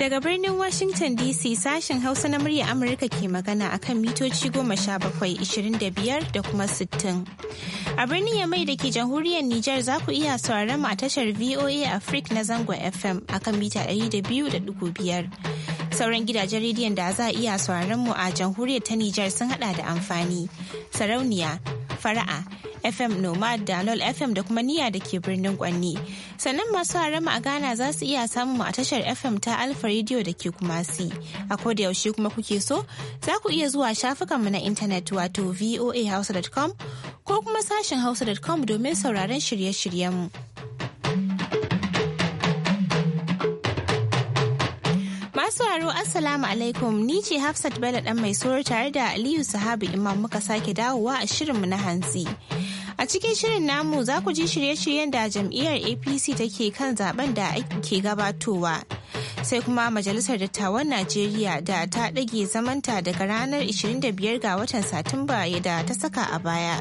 Daga birnin Washington DC sashen Hausa na murya Amurka ke magana akan mitoci goma sha bakwai ishirin da biyar da kuma sittin. A birnin Yamai da ke jamhuriyar Nijar za ku iya sauraron a tashar VOA Africa na zangon FM akan mita ɗari da biyu da ɗigo biyar. Sauran gidajen rediyon da za a iya sauraron mu a jamhuriyar ta Nijar sun haɗa da amfani, sarauniya, fara'a fm nomad da fm da kuma niya da ke birnin kwanni sannan masu harama a ghana za su iya samun mu a tashar fm ta alfa radio da ke kumasi a koda yaushe kuma kuke so za ku iya zuwa shafukanmu na intanet wato voa voahausa.com ko kuma sashen hausa.com domin sauraron shirye-shiryenmu. mu Masu Assalamu alaikum ni ce Hafsat Bello dan mai soro tare da Aliyu Sahabi Imam muka sake dawowa a shirin mu na hantsi. A cikin shirin namu za ku ji shirye-shiryen da jam'iyyar APC take kan zaben da ake gabatowa. Sai kuma Majalisar Dattawan Najeriya da ta ɗage zamanta daga ranar 25 ga watan Satumba da ta saka a baya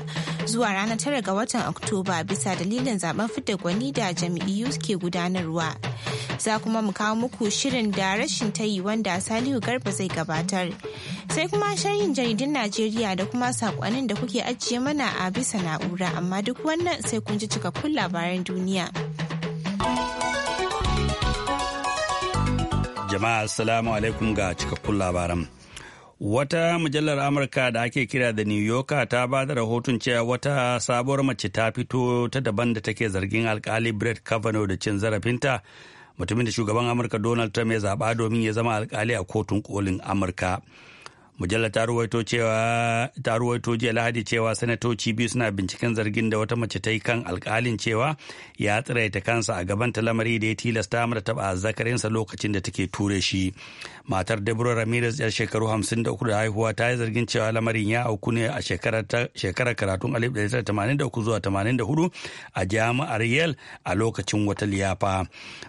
zuwa ranar tara ga watan Oktoba bisa dalilin zaben fidda gwani da jam'iyyu ke gudanarwa. Za kuma mu kawo muku shirin da rashin tayi wanda Salihu Garba zai gabatar. Sai kuma sharhin jaridun Najeriya da kuma sakonnin da kuke ajiye mana a bisa na'ura amma duk wannan sai kun ji cikakkun labaran duniya. Jama'a Assalamu alaikum ga cikakkun labaran. Wata mujallar Amurka da ake kira da New Yorker ta ba da rahoton cewa wata sabuwar mace ta fito ta daban da take zargin alkali Brett Kavanaugh da cin zarafinta mutumin da shugaban Amurka Donald Trump ya zaɓa domin ya zama alkali a kotun kolin Amurka. mujallar ta ruwaito cewa ta jiya lahadi cewa sanatoci biyu suna binciken zargin da wata mace ta yi kan alkalin cewa ya tsiraita kansa a gaban ta lamari da ya tilasta mata taba zakarinsa lokacin da take ture shi matar deborah ramirez yar shekaru 53 da haihuwa ta yi zargin cewa lamarin ya auku ne a shekarar karatun 1983 zuwa 84 a jami'ar yale a lokacin wata liyafa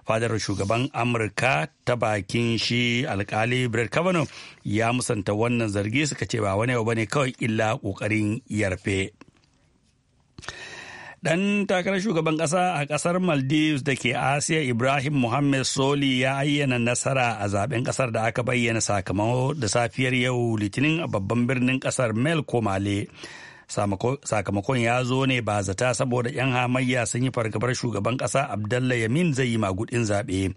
fadar shugaban amurka ta bakin shi alkali brett kavanaugh ya musanta wannan zargi suka ce ba wani ba ne kawai illa kokarin yarfe Dan takarar shugaban ƙasa a ƙasar Maldives da ke Asiya Ibrahim Mohammed Soli ya ayyana nasara a zaben ƙasar da aka bayyana sakamako da safiyar yau Litinin a babban birnin ƙasar Mel Komale. Sakamakon ya zo ne ba zata saboda 'yan hamayya sun yi fargabar shugaban ƙasa Abdullahi Yamin zai yi magudin zaɓe.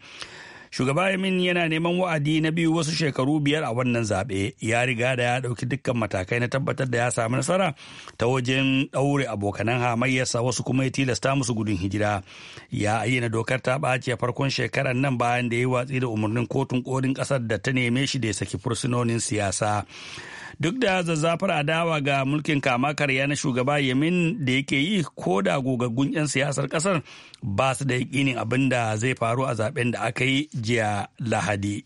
shugaba yamin yana neman wa'adi na biyu wasu shekaru biyar a wannan zaɓe ya riga da ya ɗauki dukkan matakai na tabbatar da ya samu nasara ta wajen ɗaure abokanan hamayyarsa wasu kuma ya tilasta musu gudun hijira ya ayyana dokar ta ɓaci a farkon shekarar nan bayan da ya yi watsi da umarnin kotun korin ƙasar da ta neme shi da ya saki fursunonin siyasa duk da zazzafar adawa ga mulkin kama karya na shugaba yamin da yake yi ko da gogaggun 'yan siyasar kasar ba su da yakinin abin da zai faru a zaben da aka yi jiya lahadi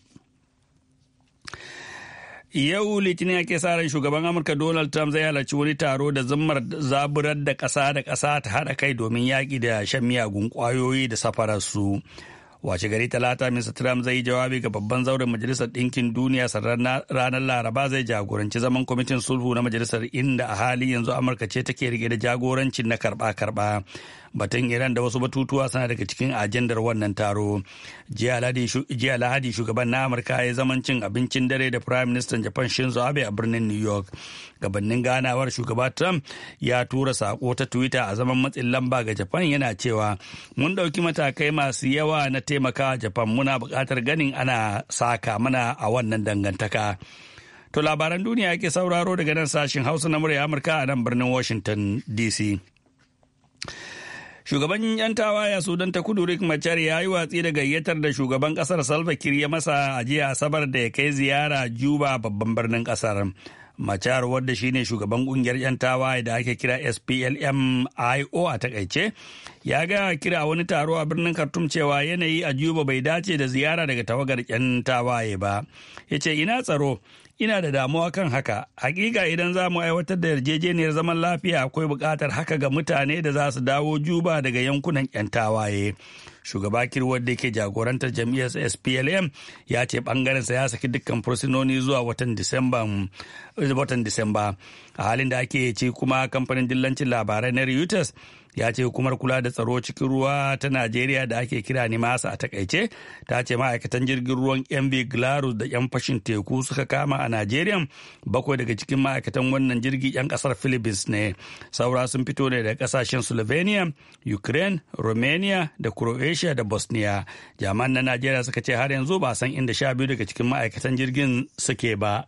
yau litinin ake sa ran shugaban amurka donald trump zai halarci wani taro da zammar zaburar da ƙasa da ƙasa ta haɗa kai domin yaƙi da shan miyagun ƙwayoyi da safararsu. washe gari talata mr trump zai yi jawabi ga babban zauren majalisar ɗinkin duniya sannan ranar laraba zai jagoranci zaman kwamitin sulhu na majalisar inda a hali yanzu amurka ce take rike da jagorancin na karba-karba batun iran da wasu batutuwa suna daga cikin ajandar wannan taro jiya lahadi shugaban na amurka ya zaman cin abincin dare da prime minister japan shinzo abe a birnin new york gabanin ganawar shugaba trump ya tura sako ta twitter a zaman matsin lamba ga japan yana cewa mun ɗauki matakai masu yawa na taimaka japan muna bukatar ganin ana saka mana a wannan dangantaka to labaran duniya yake sauraro daga nan sashen hausa na murya amurka a nan birnin washington dc Shugaban 'yan tawaya Sudan ta kudu Rik Machar ya yi watsi da gayyatar da shugaban kasar Salva Kiir ya masa a jiya Asabar da ya kai ziyara Juba babban birnin kasar. Machar wadda shine shugaban kungiyar 'yan tawaye da ake kira SPLM-IO a takaice, ya ga kira wani taro a birnin Khartoum cewa yanayi a Juba bai dace da ziyara daga tawagar 'yan tawaye ba. Ya ce ina tsaro ina da damuwa kan haka hakika idan za mu aiwatar da yarjejeniyar zaman lafiya akwai buƙatar haka ga mutane da za su dawo juba daga yankunan 'yan tawaye shugaba kirwar da ke jagorantar jam'iyyar splm ya ce sa ya saki dukkan fursunoni zuwa watan disamba a halin da ake ci kuma kamfanin dillancin labarai na reuters ya ce hukumar kula da tsaro cikin ruwa ta najeriya da ake kira nimasa a takaice ta ce ma'aikatan jirgin ruwan mv glarus da yan fashin teku suka kama a najeriya bakwai daga cikin ma'aikatan wannan jirgi yan kasar philippines ne saura sun fito ne daga kasashen slovenia ukraine romania da croatia da bosnia jami'an na najeriya suka ce har yanzu ba san inda sha biyu daga cikin ma'aikatan jirgin suke ba.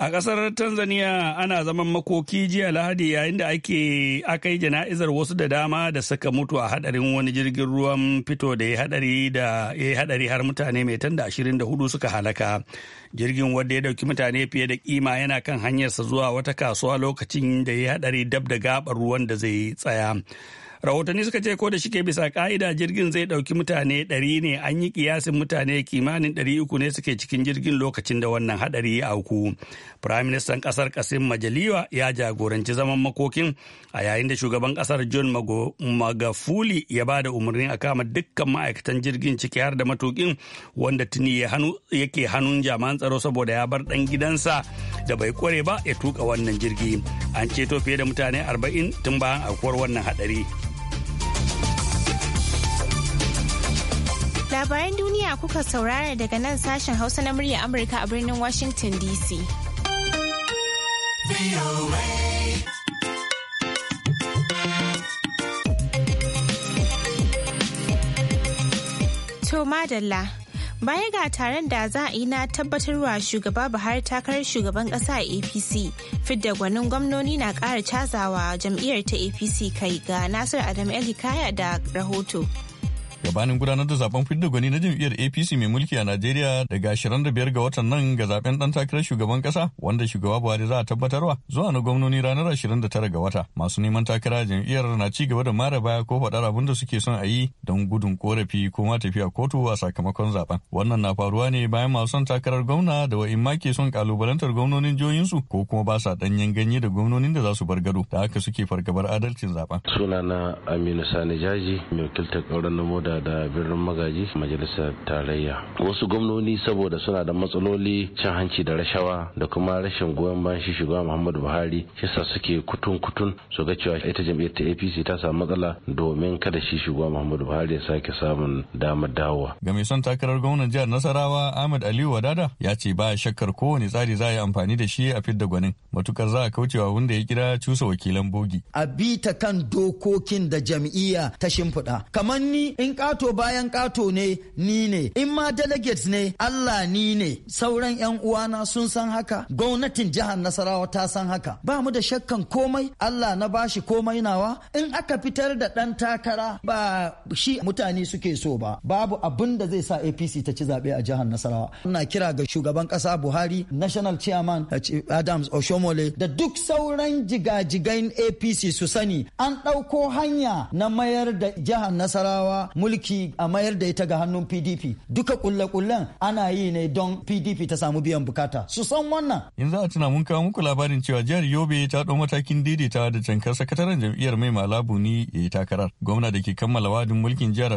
A ƙasar Tanzania ana zaman makoki jiya Lahadi yayin da ake akai jana'izar wasu da dama da suka mutu a hadarin wani jirgin ruwan fito da ya hadari da ya hadari har mutane mai tanda ashirin da hudu suka halaka. Jirgin wanda ya dauki mutane fiye da kima yana kan hanyarsa zuwa wata kasuwa lokacin da ya hadari dab da gabar ruwan da zai tsaya. rahotanni suka ce ko da shike bisa ka'ida jirgin zai ɗauki mutane ɗari ne an yi kiyasin mutane kimanin ɗari uku ne suke cikin jirgin lokacin da wannan haɗari ya auku firaministan ƙasar kasim majaliwa ya jagoranci zaman makokin a yayin da shugaban ƙasar john magafuli ya ba da umarnin a kama dukkan ma'aikatan jirgin ciki har da matukin wanda tuni yake hannun jami'an tsaro saboda ya bar ɗan gidansa da bai kware ba ya tuka wannan jirgi an ceto fiye da mutane arba'in tun bayan aukuwar wannan haɗari. Labaran duniya kuka saurara daga nan sashen Hausa na murya Amurka a birnin Washington DC. To madalla. Baya ga taron da za a yi na tabbatarwa shugaba Buhari takarar shugaban kasa a APC, fidda gwanin gwamnoni na ƙara cazawa jam'iyyar ta APC kai ga Nasir Adam elikaya da rahoto. gabanin gudanar da zaben fidda gwani na jam'iyyar apc mai mulki a najeriya daga 25 ga watan nan ga zaben dan takarar shugaban kasa wanda shugaba buhari za a tabbatarwa zuwa na gwamnoni ranar 29 ga wata masu neman takara jam'iyyar na ci gaba da mara baya ko faɗar abin da suke son a yi don gudun korafi ko ma tafiya kotu a sakamakon zaben wannan na faruwa ne bayan masu son takarar gwamna da wa'in ma ke son kalubalantar gwamnonin su ko kuma ba sa ɗanyen ganye da gwamnonin da za su bar gado da haka suke fargabar adalcin zaben sunana aminu sani jaji mai wakiltar ƙauran namo da da da birnin magaji majalisar tarayya wasu gwamnoni saboda suna da matsaloli cin hanci da rashawa da kuma rashin goyon bayan shi shugaba muhammadu buhari shisa suke kutun kutun su ga cewa ita jam'iyyar ta apc ta samu matsala domin kada shi shugaba muhammadu buhari ya sake samun damar dawowa ga mai son takarar gwamnan jihar nasarawa ahmad aliyu wadada ya ce ba shakkar kowane tsari za a yi amfani da shi a fidda gwanin matukar za a kaucewa wanda ya kira cusa wakilan bogi a bi ta kan dokokin da jam'iyya ta shimfiɗa kamar ni in kato bayan ƙato ne ni ne in ma delegates ne Allah ni ne sauran 'yan uwana sun san haka gwamnatin jihar Nasarawa ta san haka ba mu da shakkan komai Allah na bashi komai nawa in aka fitar da dan takara ba shi mutane suke so ba babu abin da zai sa APC ta ci zaɓe a jihar Nasarawa ina kira ga shugaban kasa Buhari National Chairman Adams Oshomole da duk sauran jigajigan APC su sani an ɗauko hanya na mayar da jihar Nasarawa mulki a mayar da ita ga hannun pdp duka kulle-kullen ana yi ne don pdp ta samu biyan bukata su san wannan yanzu a tuna mun kawo muku labarin cewa jihar yobe ta ɗau matakin daidaitawa da cankar sakataren jam'iyyar mai malabu ni ya yi takarar gwamna da ke kammala wadin mulkin jihar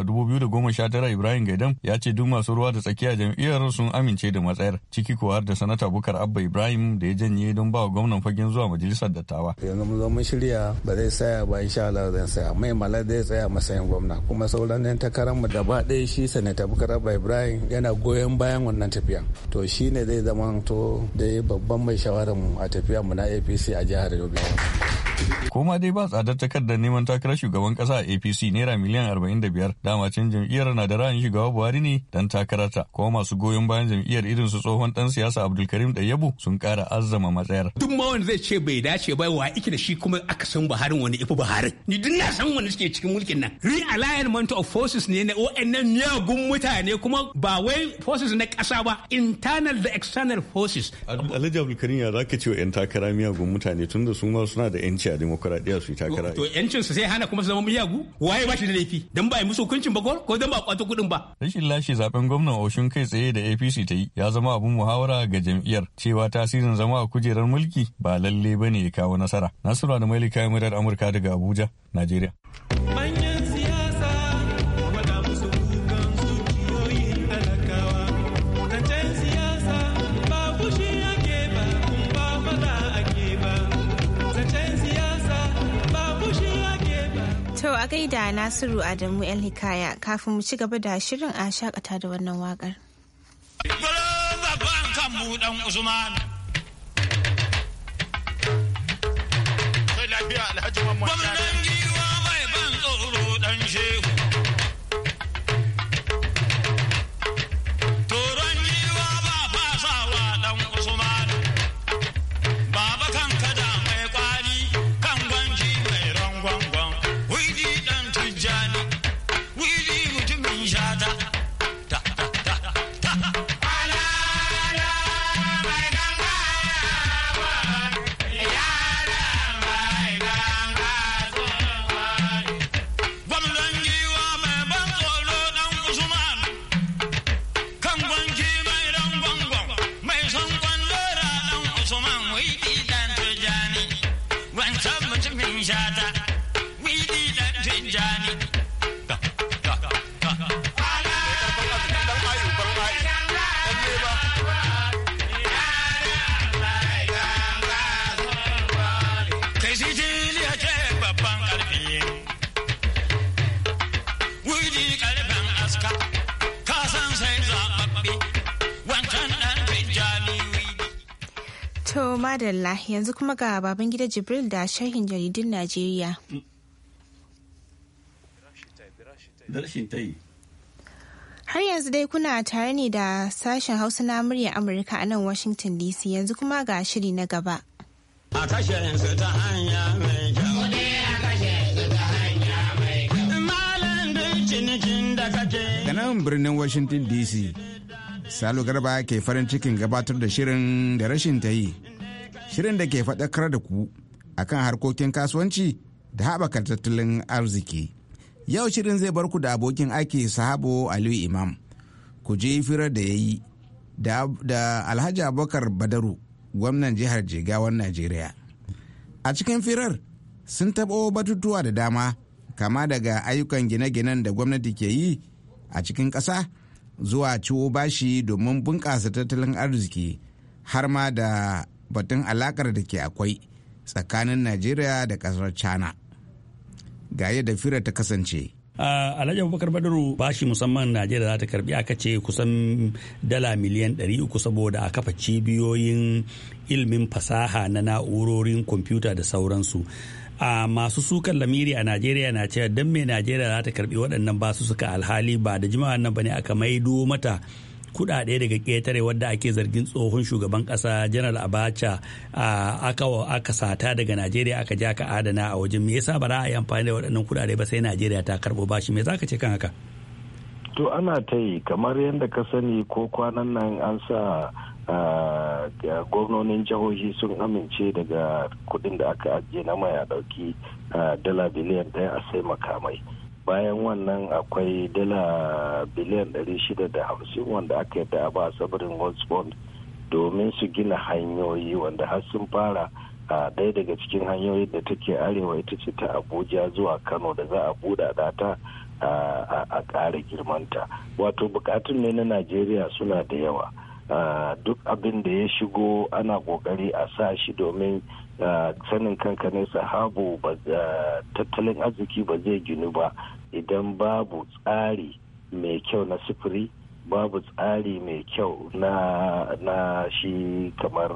tara ibrahim gaidam ya ce duk masu ruwa da tsakiya jam'iyyar sun amince da matsayar ciki kuwa da sanata bukar abba ibrahim da ya janye don ba wa gwamnan fagen zuwa majalisar dattawa yanzu mun zo mun shirya ba zai saya ba insha Allah zan saya mai malar zai tsaya matsayin gwamna kuma sauran mu gaba ɗaya shi sanata bukar ibrahim yana goyon bayan wannan tafiya to shi ne zai zama to dai babban mai shawararmu a tafiya mu na apc a jihar yobe Koma dai ba tsadar takardar neman takarar shugaban kasa a APC naira miliyan 45 dama can jam'iyyar na da ra'ayin shugaba Buhari ne dan takararta kuma masu goyon bayan jam'iyyar irin su tsohon dan siyasa Abdulkarim dayabu sun kara azzama matsayar. Duk ma wanda zai ce bai dace ba wa ike da shi kuma aka san Buharin wani ifi Buharin. Ni duk na san wanda suke cikin mulkin nan. Realignment of forces ne na ONN miyagun mutane kuma ba wai forces na kasa ba internal da external forces. Alhaji Abdulkarim ya zaka ce wa 'yan takara miyagun mutane tunda su ma suna da 'yanci a demokuraɗiyya su yi takara. To yancin su sai hana kuma su zama miyagu waye ba shi da laifi dan ba yi musu hukuncin ba ko dan ba kwato kuɗin ba. Rashin lashe zaben gwamnan Oshun kai tsaye da APC ta yi ya zama abun muhawara ga jam'iyyar cewa tasirin zama a kujerar mulki ba lalle bane ya kawo nasara. nasiru da Malika Murar Amurka daga Abuja, Najeriya. a da Nasiru Adamu El Hikaya kafin mu ci gaba da shirin a shakata da wannan wakar. Gwamnan ka san sai wancan ɗan To madalla yanzu kuma ga baban gida Jibril da sharhin jaridun Najeriya. Har yanzu dai kuna tare ne da sashen Hausa na murya Amurka a nan Washington DC yanzu kuma ga shiri na gaba. A ta hanya mai kyau. nan birnin Washington DC. Salo Garba ke farin cikin gabatar da shirin da rashin ta yi. Shirin da ke faɗakar da ku akan harkokin kasuwanci da haɓaka tattalin arziki. Yau shirin zai bar ku da abokin aiki sahabo Aliyu Imam. Ku je firar da ya yi da Alhaji Abubakar Badaru, gwamnan jihar Jigawan Najeriya. A cikin firar sun taɓo batutuwa da dama kama daga ayyukan gine-ginen da gwamnati ke yi a cikin ƙasa zuwa ciwo bashi domin bunƙasa tattalin arziki har ma da batun alakar da ke akwai tsakanin najeriya da ƙasar china ga yadda fira ta kasance Uh, alhaji abubakar badaru bashi musamman najeriya za ta karbi aka ce kusan dala miliyan 300 saboda a kafa cibiyoyin ilmin fasaha na na'urorin kwamfuta da sauransu a masu sukan lamiri a najeriya na cewa don me najeriya za ta karbi waɗannan suka alhali ba da jimawa nan bane aka maido mata kuɗaɗe daga ƙetare wadda ake zargin tsohon shugaban ƙasa janar abacha aka aka sata daga najeriya aka ja ka adana a wajen me yasa ba za a yi amfani da waɗannan kuɗaɗe ba sai najeriya ta karɓo bashi me za ka ce kan haka to ana ta yi kamar yadda ka sani ko kwanan nan an sa gwamnonin jihohi sun amince daga kudin da aka ajiye na mai a dauki dala biliyan daya a sai makamai bayan wannan akwai dala biliyan 650 wanda aka yadda a ba sabirin bond domin su gina hanyoyi wanda har sun fara a ɗaya daga cikin hanyoyin da take arewa ita ce ta abuja zuwa kano da za a buɗaɗa ta a ƙara girmanta wato bukatun ne na najeriya suna da yawa duk abin da ya shigo ana kokari a sa shi domin sanin kanka ne sahabu tattalin arziki ba zai ginu ba idan babu tsari mai kyau na sufuri babu tsari mai kyau na, shi kamar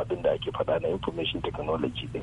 abin da ake faɗa na information technology din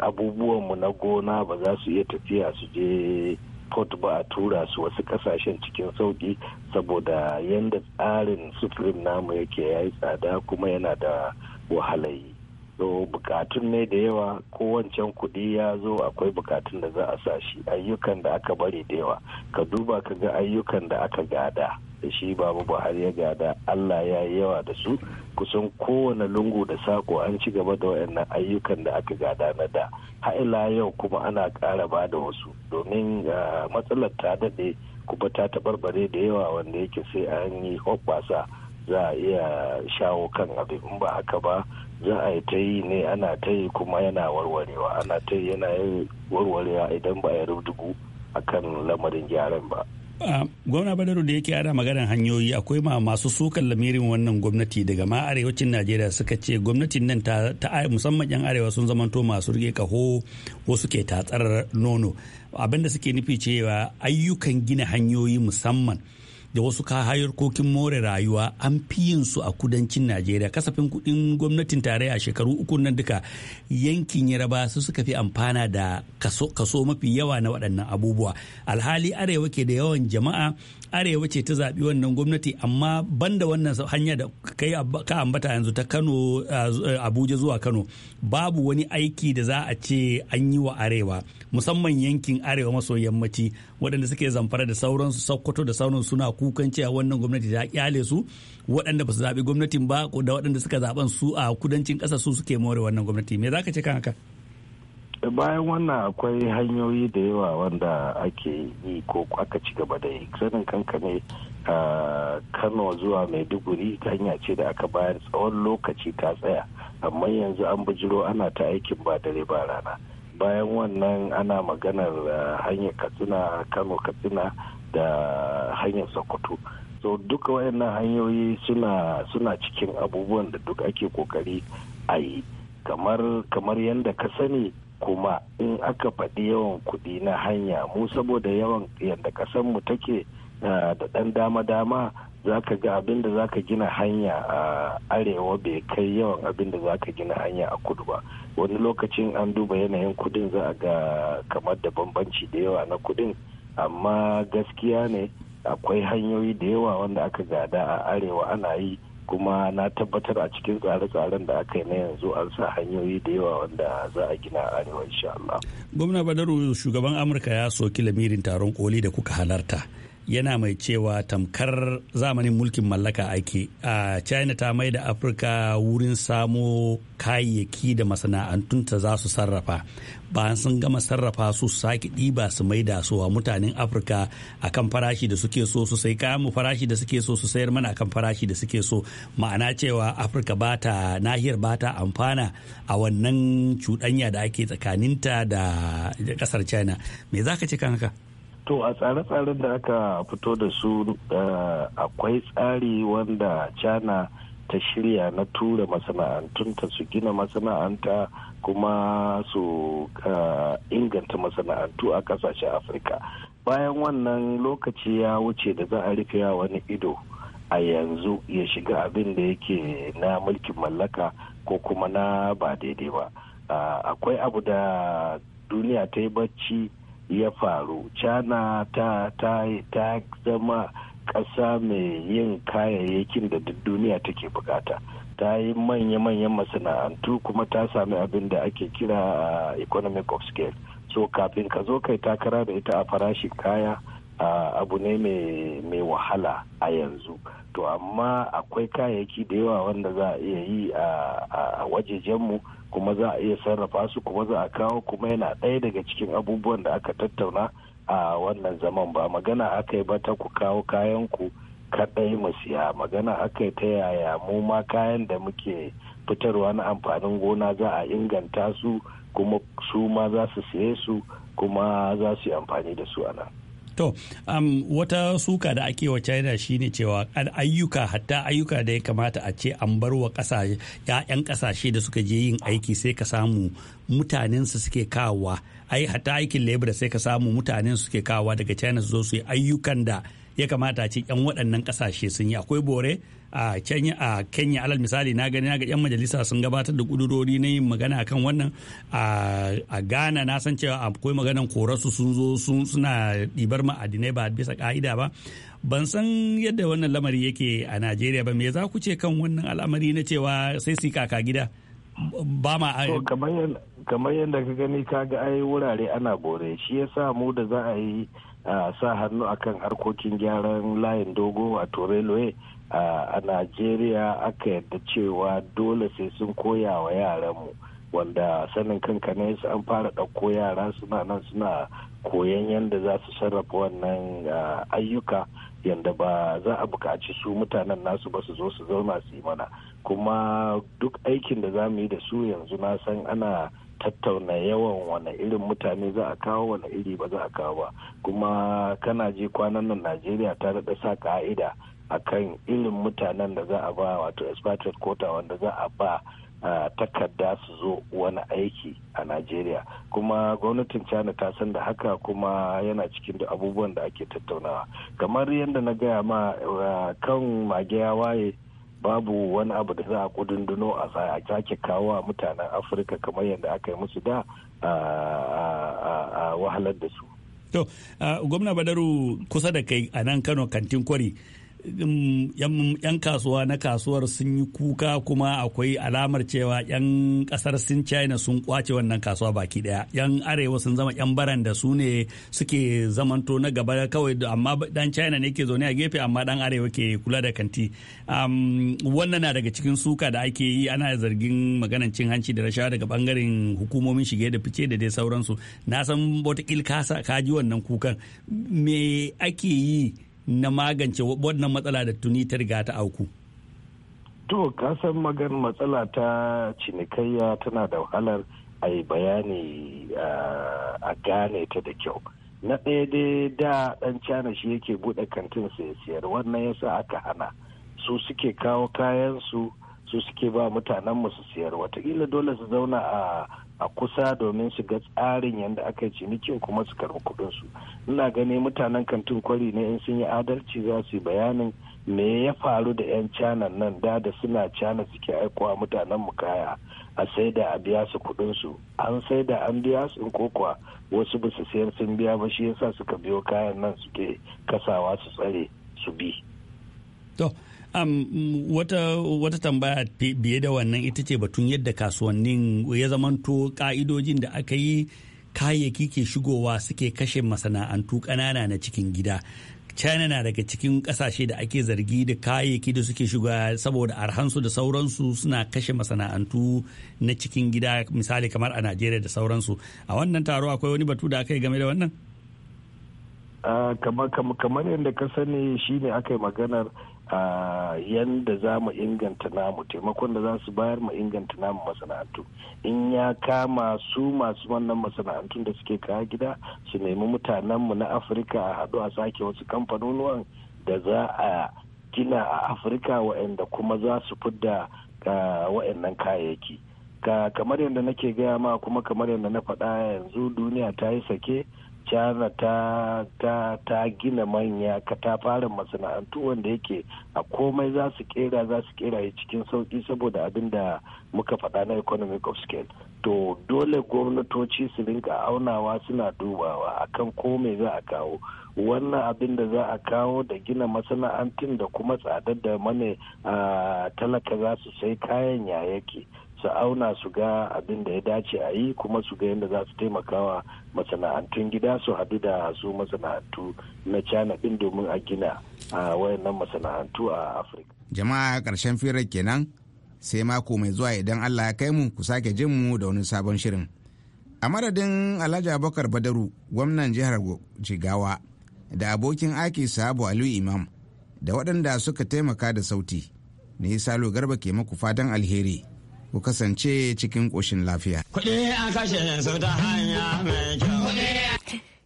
abubuwanmu na gona ba za su iya tafiya su je port ba a tura su wasu kasashen cikin sauki saboda yadda tsarin supreme namu yake ya yi tsada kuma yana da wahalayi so bukatun ne da yawa ko wancan kuɗi ya zo akwai bukatun da za a sa shi ayyukan da aka bari da yawa ka duba ka ga ayyukan da aka gada da shi babu buhari ya gada allah ya yi yawa da su kusan kowane lungu da sako an ci gaba da wayannan ayyukan da aka gada na da ha'ila yau kuma ana ƙara ba da wasu domin ah, matsalar ta daɗe kuma ta taɓarɓare da yawa wanda yake sai an yi hoɓɓasa za a iya shawo kan abin ba haka ba za a yi ta yi ne ana ta yi kuma yana warwarewa ana ta yi yana warwarewa idan ba a yi rubdugu a kan lamarin gyaran ba. gwamna badaru da yake ana maganar hanyoyi akwai ma masu sukan lamirin wannan gwamnati daga ma arewacin najeriya suka ce gwamnatin nan ta musamman yan arewa sun zamanto masu rike kaho wasu ke tatsar nono abinda suke nufi cewa ayyukan gina hanyoyi musamman da wasu harkokin more rayuwa an fi yin su a kudancin najeriya kasafin kudin gwamnatin tarayya shekaru uku nan duka yankin yaraba su suka fi amfana da kaso mafi yawa na waɗannan abubuwa alhali arewa ke da yawan jama'a arewa ce ta zaɓi wannan gwamnati amma banda wannan hanya da kai ka ambata yanzu ta kano abuja zuwa kano babu wani aiki da za a ce an yi wa arewa musamman yankin arewa maso yammaci waɗanda suke zamfara da sauransu sokoto da sauran suna kukan cewa wannan gwamnati ta kyale su waɗanda ba su zaɓi gwamnatin ba da waɗanda suka zaɓen su a kudancin ƙasa su suke more wannan gwamnati me za ka ce kan haka bayan wannan akwai hanyoyi da yawa wanda ake yi ko aka ci gaba da yi sanin kanka ne a kano zuwa maiduguri ta hanya ce da aka bayar tsawon lokaci ta tsaya amma yanzu an bujiro ana ta aikin ba dare ba rana bayan wannan ana maganar hanyar katsina kano katsina da hanyar sokoto so duka wayannan hanyoyi suna cikin abubuwan da duk ake kokari a yi kamar kamar yadda ka sani kuma in aka faɗi yawan kuɗi na hanya mu saboda yawan yadda mu take da ɗan dama-dama za ka ga abin da za ka gina hanya a arewa bai kai yawan abin da za ka gina hanya a kudu ba wani lokacin an duba yanayin kudin za a ga kamar da bambanci da yawa na kudin amma gaskiya ne akwai hanyoyi da yawa wanda aka gada a arewa ana yi kuma na tabbatar a cikin tsare-tsaren da aka yi na yanzu an sa hanyoyi da yawa wanda za a gina a arewa insha Allah. Gwamna Badaru shugaban Amurka ya soki lamirin taron koli da kuka halarta. yana mai cewa tamkar zamanin mulkin mallaka ake a china ta mai da afirka wurin samo kayayyaki da masana'antunta za su sarrafa ba sun gama sarrafa su sake ɗiba su mai da su a mutanen afirka a kan farashi da suke so su sai kayan farashi da suke so su sayar mana kan farashi da suke so ma'ana cewa afirka ba ta nahiyar ba ta amfana a wannan cuɗanya da ake tsakaninta da ƙasar china me za ka ce kan haka to a tsare-tsaren da aka fito da su akwai tsari wanda china ta shirya na tura masana'antunta su gina masana'anta kuma su inganta masana'antu a kasashen afirka bayan wannan lokaci ya wuce da za a rufe wani ido a yanzu ya shiga abin da yake na mulkin mallaka ko kuma na ba daidai ba akwai abu da duniya ta yi bacci ya faru china ta ta ta zama ƙasa mai yin kayayyakin da duk duniya take bukata ta yi manya-manyan masana'antu kuma ta sami abin da ake kira uh, economic of scale so kafin ka zo kai takara da ita a farashin kaya uh, abu ne mai wahala a yanzu to amma akwai kayayyaki da yawa wanda za a iya yi a wajejenmu kuma za a iya sarrafa su kuma za a kawo kuma yana ɗaya daga cikin abubuwan da aka tattauna a wannan zaman ba magana aka yi ba ta ku kawo kayan ku kaɗai mu siya magana aka yi ta yaya mu ma kayan da muke fitarwa na amfanin gona za a inganta su kuma su ma za su siye su kuma za su yi amfani da su a nan. To, um, wata suka da ake wa China shine cewa ayyuka hatta ayyuka da ya kamata a ce an bar wa ‘ya'yan ƙasashe da suka je yin aiki sai ka samu mutanensu suke kawowa. Ai, hatta aikin lebura sai ka samu mutanen suke kawowa daga China su zo su yi ayyukan da ya kamata a ce yan waɗannan ƙasashe sun yi akwai bore a kenya a kenya alal misali na gani na ga yan majalisa sun gabatar da kudurori na yin magana akan wannan a ghana na san cewa akwai maganan korarsu sun zo suna ɗibar ma'adinai ba bisa ka'ida ba ban san yadda wannan lamari yake a najeriya ba me za ku ce kan wannan al'amari na cewa sai su kaka gida ba ma a kamar yadda ka gani kaga ai wurare ana bore shi yasa mu da za a yi sa hannu akan harkokin gyaran layin dogo a railway a najeriya aka yadda cewa dole sai sun koya wa yaranmu wanda sanin kanka ne su an fara ɗauko yara suna nan suna koyon yadda za su sarrafa wannan ayyuka yadda ba za a buƙaci su mutanen nasu ba su zo su zauna su yi mana kuma duk aikin da za mu yi da su yanzu na san ana tattauna yawan wani irin mutane za a kawo wani iri ba za a kawo ba kuma kana je kwanan nan najeriya ta daɗa sa ka'ida kan irin mutanen da za a ba wato expatriate quota wanda za a ba takarda su zo wani aiki a Najeriya kuma gwamnatin China ta san da haka kuma yana cikin da abubuwan da ake tattaunawa kamar yadda na gaya ma kan mage ya waye babu wani abu da za a kudunduno a sake kawo a mutanen afirka kamar yadda aka yi musu da a wahalar da su to gwamna badaru kusa da kai a nan kano kantin kwari 'yan kasuwa na kasuwar sun yi kuka kuma akwai alamar cewa 'yan kasar sin china sun kwace wannan kasuwa baki daya 'yan arewa sun zama 'yan baran da su ne suke zamanto na gaba kawai amma dan china ne ke zaune a gefe amma dan arewa ke kula da kanti wannan na daga cikin suka da ake yi ana zargin maganan cin hanci da rashawa daga bangaren hukumomin shige da fice da dai sauransu na san wata ka ji wannan kukan me ake yi na magance wannan matsala da tuni ta riga ta auku to kasan magan matsala ta cinikayya tana da wahalar a yi bayani a gane ta da kyau na ɗaya dai da ɗan cana shi yake buɗe kantin sai siyar wannan yasa aka hana su suke kawo kayansu su suke ba mutanen su siyar watakila dole su zauna a a kusa domin su ga tsarin yadda aka yi cinikin kuma su karɓi su ina gani mutanen kantin kwari ne in sun yi adalci za su yi bayanin me ya faru da 'yan cana nan da da suna cana suke aikowa mutanen mu kaya a sai da a biya su kuɗin su an sai da an biya su in kuwa wasu ba su sayar sun biya ba shi yasa suka biyo kayan nan suke kasawa su tsare su bi To, um, wata, wata tambaya biye da wannan ita ce batun yadda kasuwannin ya zamanto ka'idojin da aka yi kayayyaki ke shigowa suke kashe masana'antu ƙanana na cikin gida. china na daga cikin ƙasashe da ake zargi da kayayyaki da suke shiga saboda arhansu da sauransu suna kashe masana'antu na cikin gida misali kamar a najeriya da sauransu a wannan taro akwai wani batu da aka yi game da wannan ah, kamar yadda ka sani shi aka yi maganar a yanda za mu inganta namu taimakon da za su bayar mu inganta namu masana'antu in ya kama su masu wannan masana'antun da suke kaya gida su nemi mutanenmu na afirka a haɗu a sake wasu kamfanonuwan da za a gina a afirka waɗanda kuma za su fidda waɗannan kayayyaki kamar yadda nake gaya ma kuma kamar yadda na faɗa yanzu duniya ta yi sake china ta ta ta gina manya ka masana'antu wanda yake a komai za su kera za su kera ya cikin sauki saboda abin da muka faɗa na economic of scale to dole gwamnatoci su rinka aunawa suna dubawa akan komai za a kawo wannan abin da za a kawo da gina masana'antun da kuma tsadar da mane ah, talaka za su sai kayan ya yake su auna su ga abin da ya dace a yi kuma su ga yadda za su taimakawa masana'antun gida su haɗu da su masana'antu na china ɗin domin a gina a wayannan masana'antu a afirka jama'a karshen firar kenan sai mako mai zuwa idan allah ya kai mu ku sake jin mu da wani sabon shirin a madadin alhaji abubakar badaru gwamnan jihar jigawa da abokin aiki sabo aliyu imam da waɗanda suka taimaka da sauti ne salo garba ke maku fatan alheri ku kasance cikin ƙoshin lafiya. Kuɗi a kashe su hanya mai kyau.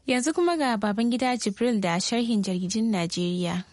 Yanzu kuma ga Babangida Jibril da sharhin jaridun Najeriya.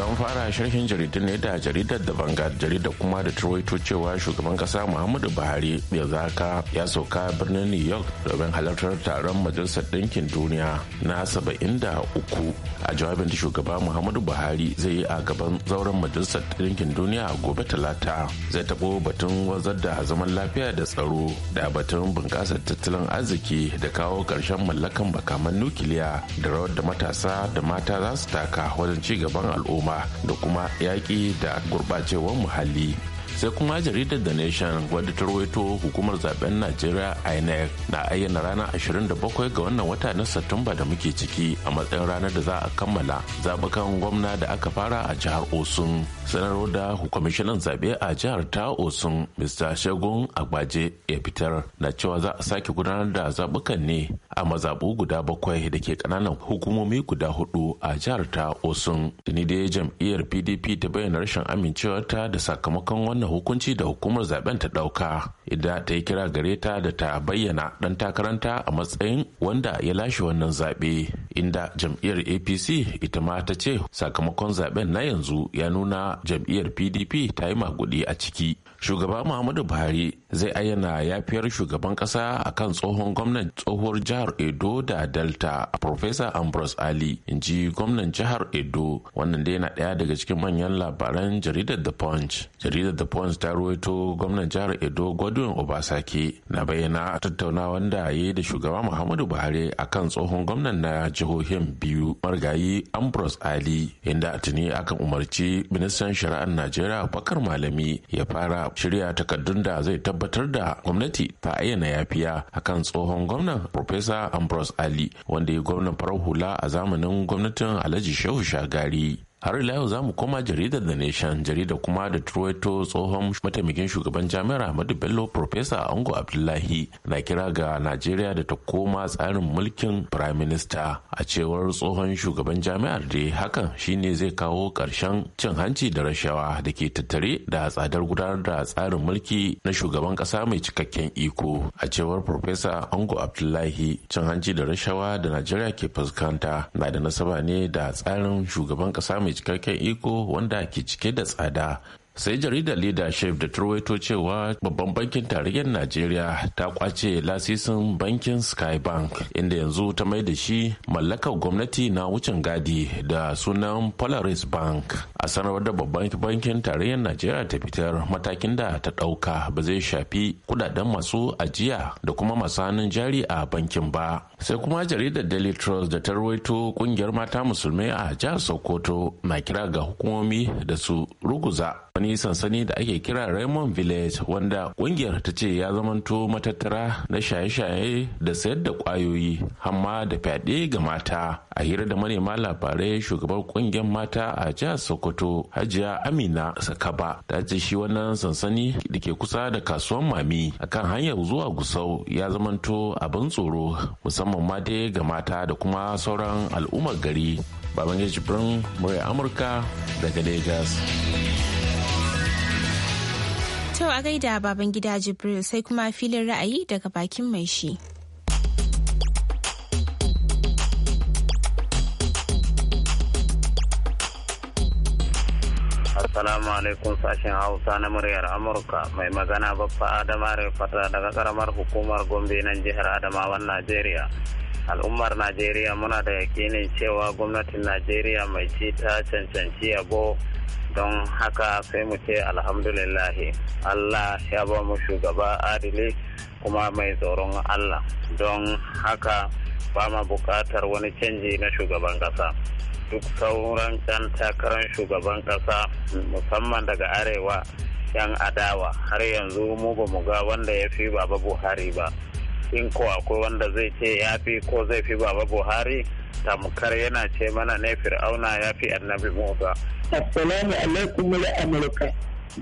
za fara sharhin jaridun ne da jaridar da vanguard jaridar kuma da turwaito cewa shugaban kasa muhammadu buhari ya zaka ya sauka birnin new york domin halartar taron majalisar ɗinkin duniya na saba'in da uku a jawabin da shugaba muhammadu buhari zai yi a gaban zauren majalisar ɗinkin duniya gobe talata zai taɓo batun wazar da zaman lafiya da tsaro da batun bunƙasar tattalin arziki da kawo ƙarshen mallakan makaman nukiliya da rawar da matasa da mata za su taka wajen ci gaban al'umma wa da kuma yaƙi da gurɓacewar muhalli sai kuma jaridar the nation wadda ta rawaito hukumar zaben najeriya inec na ayyana ranar 27 ga wannan wata na satumba da muke ciki a matsayin ranar da za a kammala zabukan gwamna da aka fara a jihar osun sanarwar da kwamishinan zaɓe a jihar ta osun mr shagun agbaje ya fitar na cewa za a sake gudanar da zabukan ne a mazaɓu guda bakwai da ke ƙananan hukumomi guda hudu a jihar ta osun Da tuni dai jam'iyyar pdp ta bayyana rashin amincewarta da sakamakon wannan hukunci da hukumar zaben ta dauka idan ta yi kira gare ta da ta bayyana dan takaranta a matsayin wanda ya lashe wannan zaɓe inda jam'iyyar apc ita ma ta ce sakamakon zaben na yanzu ya nuna jam'iyyar pdp ta yi magudi a ciki shugaba muhammadu buhari zai ayyana yafiyar shugaban kasa kan tsohon gwamnan tsohuwar jihar edo da delta a professor ambrose ali in ji gwamnan jihar edo wannan dai yana daya daga cikin manyan labaran jaridar the punch jaridar the punch ta ruwaito gwamnan jihar edo godwin obasake na bayyana a tattaunawa da ya da shugaba muhammadu buhari a kan tsohon gwamnan na jihohin biyu margayi ambrose ali inda a tuni akan umarci ministan shari'ar najeriya bakar malami ya fara shirya takardun da zai tabbatar da gwamnati ta ayyana yafiya akan tsohon gwamnan Profesa Ambrose Ali wanda ya gwamnan farar hula a zamanin gwamnatin Alhaji Shehu Shagari. har ila yau za mu koma jaridar da nation jarida kuma da Troito, tsohon mataimakin shugaban jami'ar ahmadu bello profesa ango abdullahi na kira ga najeriya da ta koma tsarin mulkin prime minister a cewar tsohon shugaban jami'ar da hakan shine zai kawo karshen cin hanci da rashawa da ke tattare da tsadar gudanar da tsarin mulki na shugaban kasa mai cikakken iko a cewar profesa ango abdullahi cin hanci da rashawa da najeriya ke fuskanta na da nasaba ne da tsarin shugaban kasa mai cikakken iko wanda ke cike da tsada sai jaridar leadership da turwaito cewa babban bankin tarayyar najeriya ta kwace lasisin bankin skybank inda yanzu ta mai da shi mallakar gwamnati na wucin gadi da sunan polaris bank a sanarwar da babban bankin tarayyar najeriya ta fitar matakin da ta ɗauka ba zai shafi kudaden masu ajiya da kuma masu hannun jari a bankin ba sai kuma jaridar daily trust da ta rawaito kungiyar mata musulmai a jihar sokoto na kira ga hukumomi da su ruguza wani sansani da ake kira raymond village wanda kungiyar ta ce ya zamanto matattara na shaye-shaye da sayar da kwayoyi hamma da fyaɗe ga mata a hira da manema labarai shugaban kungiyar mata a jihar sokoto hajiya amina sakaba ta ce shi wannan sansani da ke kusa da kasuwar mami akan hanyar zuwa gusau ya zamanto abin tsoro musamman ma dai ga mata da kuma sauran al'ummar gari babangeji Brown murya amurka daga Legas. To a gaida baban gida Jibril sai kuma filin ra'ayi daga bakin mai shi. Assalamu alaikum sashen Hausa na muryar Amurka mai magana babba Adama Refata daga karamar hukumar Gombe nan jihar Adamawan Najeriya. Al'ummar Najeriya muna da yakinin cewa gwamnatin Najeriya mai ci ta cancanci yabo don haka sai mu ce alhamdulillah allah ya ba mu shugaba adili kuma mai tsoron allah don haka ba ma bukatar wani canji na shugaban kasa duk sauran can takarar shugaban kasa musamman daga arewa yan adawa har yanzu mu ba mu ga wanda ya fi baba buhari ba in ko akwai wanda zai ce ya fi ko zai fi baba buhari tamkar yana ce mana ne fir'auna ya fi annabi musa assalamu alaikum mura amurka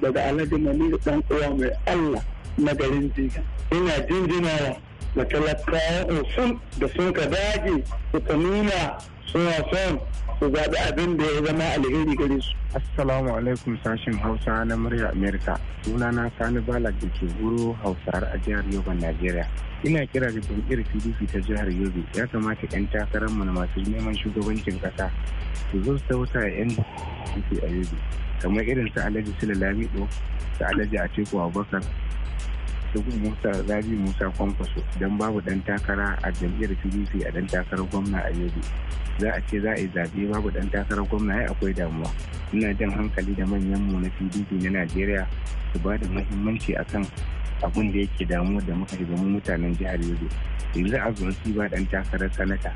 daga alhaji manir dan uwa mai allah na garin jiga ina jinjinawa da talakawa usul da sun ka daji suka nuna suna son su zaɓi abin da ya zama alheri gare su. Assalamu alaikum sashen Hausa na murya Amerika. Sunana Sani Balak da ke guru Hausar a jihar Yoban, Najeriya. ina kira da jam'iyyar pdp ta jihar yobe ya kamata 'yan takararmu na masu neman shugabancin kasa su zo su wuta a 'yan pdp a yobe kamar irin su alhaji sila lamido su alhaji teku abubakar su musa rabi musa kwankwaso don babu dan takara a jam'iyyar pdp a dan takarar gwamna a yobe za a ce za a yi zaɓe babu dan takarar gwamna ya akwai damuwa ina jan hankali da manyan mu na pdp na najeriya su ba da muhimmanci akan abin da yake damu da muka mutanen jihar yobe yanzu a gwamnati ba dan takarar sanata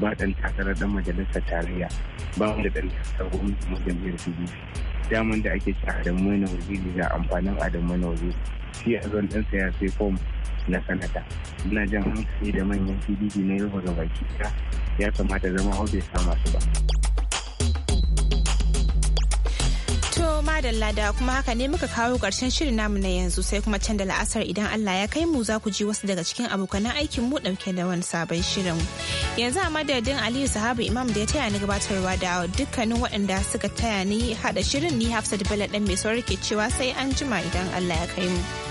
ba dan takarar dan majalisar tarayya ba wanda dan takarar gwamnati mu jam'iyyar pdp daman da ake ci adam mai na waziri da amfanin adam mai na waziri shi a zuwan dan saya sai fom na sanata ina jan hankali da manyan pdp na yau ga baki ya kamata zama hau bai sama su ba. da da kuma haka ne muka kawo karshen shirin namu na yanzu sai kuma can da la'asar idan Allah ya kai mu za ku ji wasu daga cikin abokanan aikin mu ɗauke da wani sabon shirin. Yanzu a madadin Aliyu Sahabu Imam da ya taya ni gabatarwa da dukkanin waɗanda suka taya ni haɗa shirin ni Hafsat Bello ɗan mai saurari ke cewa sai an jima idan Allah ya kai mu.